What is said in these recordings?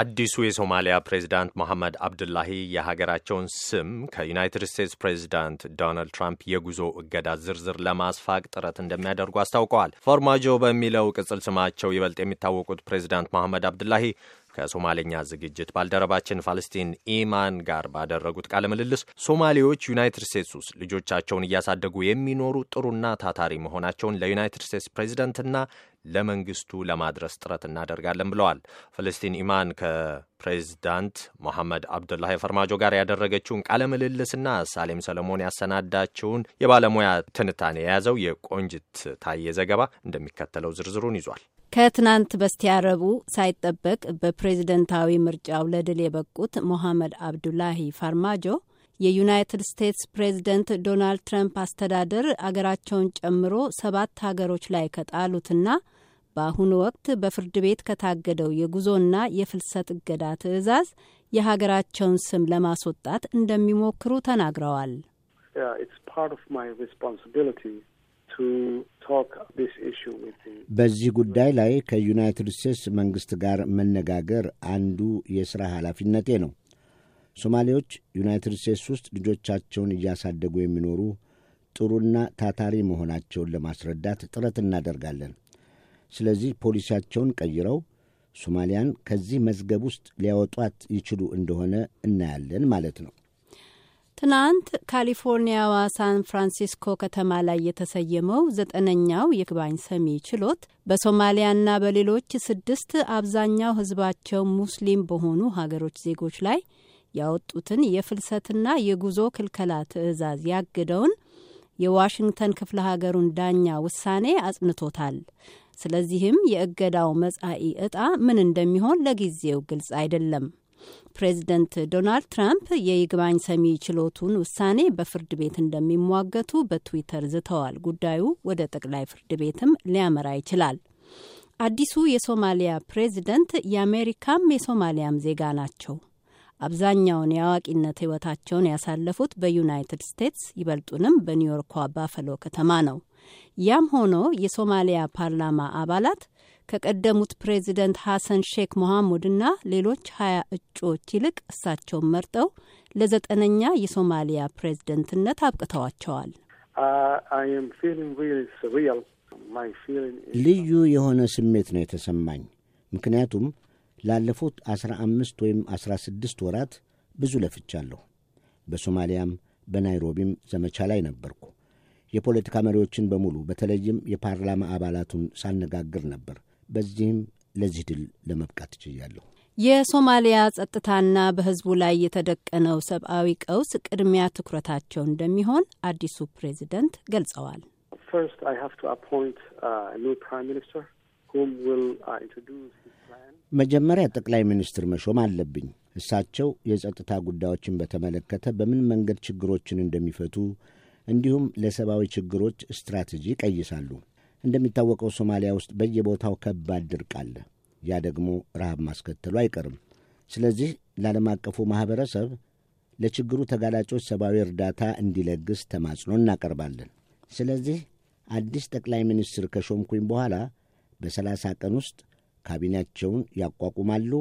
አዲሱ የሶማሊያ ፕሬዚዳንት መሐመድ አብዱላሂ የሀገራቸውን ስም ከዩናይትድ ስቴትስ ፕሬዚዳንት ዶናልድ ትራምፕ የጉዞ እገዳ ዝርዝር ለማስፋቅ ጥረት እንደሚያደርጉ አስታውቀዋል። ፎርማጆ በሚለው ቅጽል ስማቸው ይበልጥ የሚታወቁት ፕሬዚዳንት መሐመድ አብዱላሂ ከሶማሌኛ ዝግጅት ባልደረባችን ፋለስቲን ኢማን ጋር ባደረጉት ቃለ ምልልስ ሶማሌዎች ዩናይትድ ስቴትስ ውስጥ ልጆቻቸውን እያሳደጉ የሚኖሩ ጥሩና ታታሪ መሆናቸውን ለዩናይትድ ስቴትስ ፕሬዚደንትና ለመንግስቱ ለማድረስ ጥረት እናደርጋለን ብለዋል። ፈለስቲን ኢማን ከፕሬዚዳንት ሞሐመድ አብዱላሂ ፈርማጆ ጋር ያደረገችውን ቃለ ምልልስና ሳሌም ሰለሞን ያሰናዳችውን የባለሙያ ትንታኔ የያዘው የቆንጅት ታየ ዘገባ እንደሚከተለው ዝርዝሩን ይዟል። ከትናንት በስቲያ ረቡዕ ሳይጠበቅ በፕሬዝደንታዊ ምርጫው ለድል የበቁት ሞሐመድ አብዱላሂ ፋርማጆ የዩናይትድ ስቴትስ ፕሬዝደንት ዶናልድ ትራምፕ አስተዳደር አገራቸውን ጨምሮ ሰባት ሀገሮች ላይ ከጣሉትና በአሁኑ ወቅት በፍርድ ቤት ከታገደው የጉዞና የፍልሰት እገዳ ትዕዛዝ የሀገራቸውን ስም ለማስወጣት እንደሚሞክሩ ተናግረዋል። በዚህ ጉዳይ ላይ ከዩናይትድ ስቴትስ መንግሥት ጋር መነጋገር አንዱ የሥራ ኃላፊነቴ ነው። ሶማሌዎች ዩናይትድ ስቴትስ ውስጥ ልጆቻቸውን እያሳደጉ የሚኖሩ ጥሩና ታታሪ መሆናቸውን ለማስረዳት ጥረት እናደርጋለን። ስለዚህ ፖሊሲያቸውን ቀይረው ሶማሊያን ከዚህ መዝገብ ውስጥ ሊያወጧት ይችሉ እንደሆነ እናያለን ማለት ነው። ትናንት ካሊፎርኒያዋ ሳን ፍራንሲስኮ ከተማ ላይ የተሰየመው ዘጠነኛው ይግባኝ ሰሚ ችሎት በሶማሊያና በሌሎች ስድስት አብዛኛው ሕዝባቸው ሙስሊም በሆኑ ሀገሮች ዜጎች ላይ ያወጡትን የፍልሰትና የጉዞ ክልከላ ትዕዛዝ ያግደውን የዋሽንግተን ክፍለ ሀገሩን ዳኛ ውሳኔ አጽንቶታል። ስለዚህም የእገዳው መጻኢ ዕጣ ምን እንደሚሆን ለጊዜው ግልጽ አይደለም። ፕሬዚደንት ዶናልድ ትራምፕ የይግባኝ ሰሚ ችሎቱን ውሳኔ በፍርድ ቤት እንደሚሟገቱ በትዊተር ዝተዋል። ጉዳዩ ወደ ጠቅላይ ፍርድ ቤትም ሊያመራ ይችላል። አዲሱ የሶማሊያ ፕሬዚደንት የአሜሪካም የሶማሊያም ዜጋ ናቸው። አብዛኛውን የአዋቂነት ህይወታቸውን ያሳለፉት በዩናይትድ ስቴትስ ይበልጡንም በኒውዮርኳ ባፈሎ ከተማ ነው። ያም ሆኖ የሶማሊያ ፓርላማ አባላት ከቀደሙት ፕሬዚደንት ሐሰን ሼክ ሞሐሙድና ሌሎች ሀያ እጩዎች ይልቅ እሳቸውን መርጠው ለዘጠነኛ የሶማሊያ ፕሬዝደንትነት አብቅተዋቸዋል። ልዩ የሆነ ስሜት ነው የተሰማኝ። ምክንያቱም ላለፉት አስራ አምስት ወይም አስራ ስድስት ወራት ብዙ ለፍቻለሁ። በሶማሊያም በናይሮቢም ዘመቻ ላይ ነበርኩ። የፖለቲካ መሪዎችን በሙሉ በተለይም የፓርላማ አባላቱን ሳነጋግር ነበር። በዚህም ለዚህ ድል ለመብቃት ችያለሁ። የሶማሊያ ጸጥታና በህዝቡ ላይ የተደቀነው ሰብአዊ ቀውስ ቅድሚያ ትኩረታቸው እንደሚሆን አዲሱ ፕሬዚደንት ገልጸዋል። uh, uh, መጀመሪያ ጠቅላይ ሚኒስትር መሾም አለብኝ። እሳቸው የጸጥታ ጉዳዮችን በተመለከተ በምን መንገድ ችግሮችን እንደሚፈቱ እንዲሁም ለሰብአዊ ችግሮች ስትራቴጂ ይቀይሳሉ። እንደሚታወቀው ሶማሊያ ውስጥ በየቦታው ከባድ ድርቅ አለ። ያ ደግሞ ረሃብ ማስከተሉ አይቀርም። ስለዚህ ለዓለም አቀፉ ማኅበረሰብ ለችግሩ ተጋላጮች ሰብአዊ እርዳታ እንዲለግስ ተማጽኖ እናቀርባለን። ስለዚህ አዲስ ጠቅላይ ሚኒስትር ከሾምኩኝ በኋላ በሰላሳ ቀን ውስጥ ካቢኔያቸውን ያቋቁማሉ።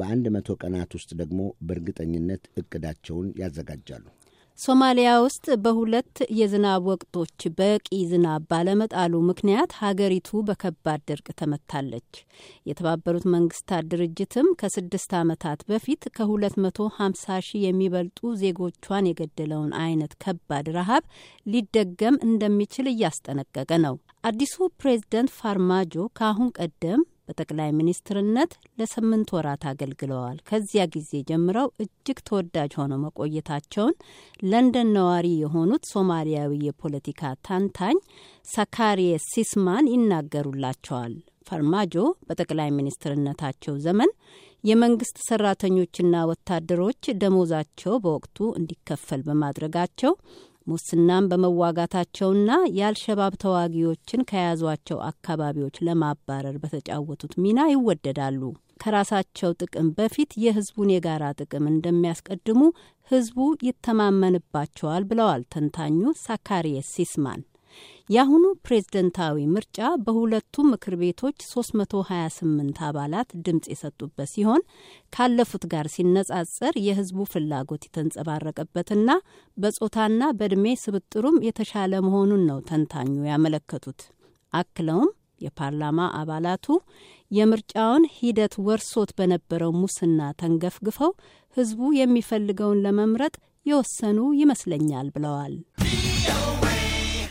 በአንድ መቶ ቀናት ውስጥ ደግሞ በእርግጠኝነት እቅዳቸውን ያዘጋጃሉ። ሶማሊያ ውስጥ በሁለት የዝናብ ወቅቶች በቂ ዝናብ ባለመጣሉ ምክንያት ሀገሪቱ በከባድ ድርቅ ተመታለች። የተባበሩት መንግስታት ድርጅትም ከስድስት ዓመታት በፊት ከ250 ሺህ የሚበልጡ ዜጎቿን የገደለውን አይነት ከባድ ረሃብ ሊደገም እንደሚችል እያስጠነቀቀ ነው። አዲሱ ፕሬዝደንት ፋርማጆ ከአሁን ቀደም በጠቅላይ ሚኒስትርነት ለስምንት ወራት አገልግለዋል። ከዚያ ጊዜ ጀምረው እጅግ ተወዳጅ ሆነው መቆየታቸውን ለንደን ነዋሪ የሆኑት ሶማሊያዊ የፖለቲካ ታንታኝ ሳካሪየ ሲስማን ይናገሩላቸዋል። ፈርማጆ በጠቅላይ ሚኒስትርነታቸው ዘመን የመንግስት ሰራተኞችና ወታደሮች ደሞዛቸው በወቅቱ እንዲከፈል በማድረጋቸው ሙስናን በመዋጋታቸውና የአልሸባብ ተዋጊዎችን ከያዟቸው አካባቢዎች ለማባረር በተጫወቱት ሚና ይወደዳሉ። ከራሳቸው ጥቅም በፊት የህዝቡን የጋራ ጥቅም እንደሚያስቀድሙ ህዝቡ ይተማመንባቸዋል ብለዋል ተንታኙ ሳካሪየስ ሲስማን። የአሁኑ ፕሬዝደንታዊ ምርጫ በሁለቱም ምክር ቤቶች 328 አባላት ድምፅ የሰጡበት ሲሆን ካለፉት ጋር ሲነጻጸር የህዝቡ ፍላጎት የተንጸባረቀበትና በጾታና በእድሜ ስብጥሩም የተሻለ መሆኑን ነው ተንታኙ ያመለከቱት። አክለውም የፓርላማ አባላቱ የምርጫውን ሂደት ወርሶት በነበረው ሙስና ተንገፍግፈው ህዝቡ የሚፈልገውን ለመምረጥ የወሰኑ ይመስለኛል ብለዋል።